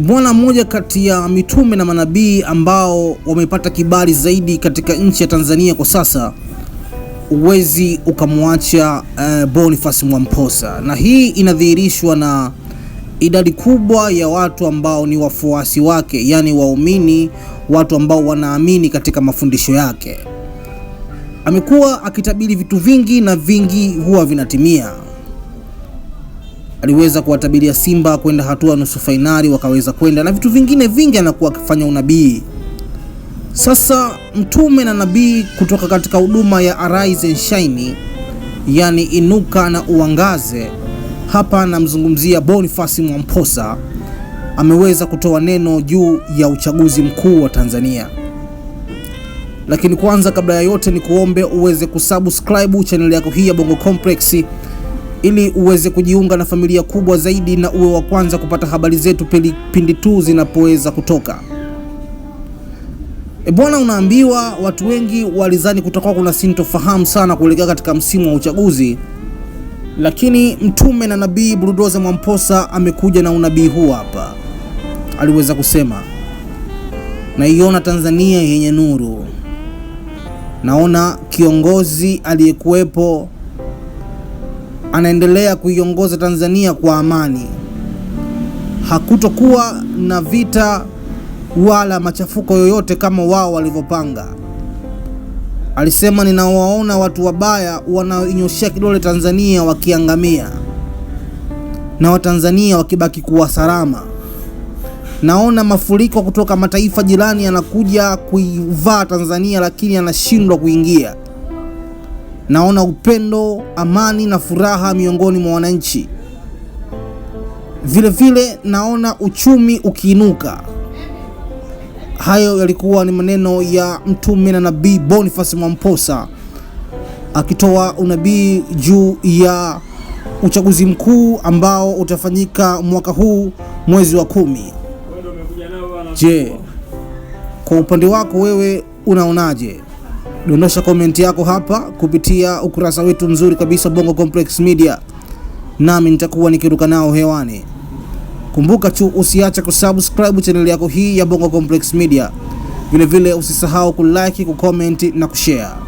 bwana mmoja kati ya mitume na manabii ambao wamepata kibali zaidi katika nchi ya Tanzania kwa sasa, huwezi ukamwacha uh, Boniface Mwamposa, na hii inadhihirishwa na idadi kubwa ya watu ambao ni wafuasi wake, yaani waumini, watu ambao wanaamini katika mafundisho yake. Amekuwa akitabiri vitu vingi na vingi huwa vinatimia aliweza kuwatabiria Simba kwenda hatua nusu fainali wakaweza kwenda, na vitu vingine vingi anakuwa akifanya unabii. Sasa mtume na nabii kutoka katika huduma ya Arise and Shine, yani inuka na uangaze, hapa anamzungumzia Boniface Mwamposa, ameweza kutoa neno juu ya uchaguzi mkuu wa Tanzania. Lakini kwanza kabla ya yote, ni kuombe uweze kusubscribe chaneli yako hii ya Bongo Complex ili uweze kujiunga na familia kubwa zaidi na uwe wa kwanza kupata habari zetu pindi tu zinapoweza kutoka. E bwana, unaambiwa watu wengi walizani kutakuwa kuna sintofahamu sana kuelekea katika msimu wa uchaguzi, lakini mtume na nabii Bulldozer Mwamposa amekuja na unabii huu hapa. Aliweza kusema, naiona Tanzania yenye nuru, naona kiongozi aliyekuwepo anaendelea kuiongoza Tanzania kwa amani. Hakutokuwa na vita wala machafuko yoyote kama wao walivyopanga. Alisema, ninawaona watu wabaya wanaoinyoshea kidole Tanzania wakiangamia na Watanzania wakibaki kuwa salama. Naona mafuriko kutoka mataifa jirani yanakuja kuivaa Tanzania, lakini yanashindwa kuingia naona upendo, amani na furaha miongoni mwa wananchi. Vilevile naona uchumi ukiinuka. Hayo yalikuwa ni maneno ya Mtume na Nabii Boniface Mwamposa akitoa unabii juu ya uchaguzi mkuu ambao utafanyika mwaka huu mwezi wa kumi. Je, kwa upande wako wewe unaonaje? Dondosha komenti yako hapa kupitia ukurasa wetu mzuri kabisa Bongo Complex Media, nami nitakuwa nikiruka nao hewani. Kumbuka tu usiacha kusubscribe chaneli yako hii ya Bongo Complex Media, vilevile usisahau kulike, kucomment na kushare.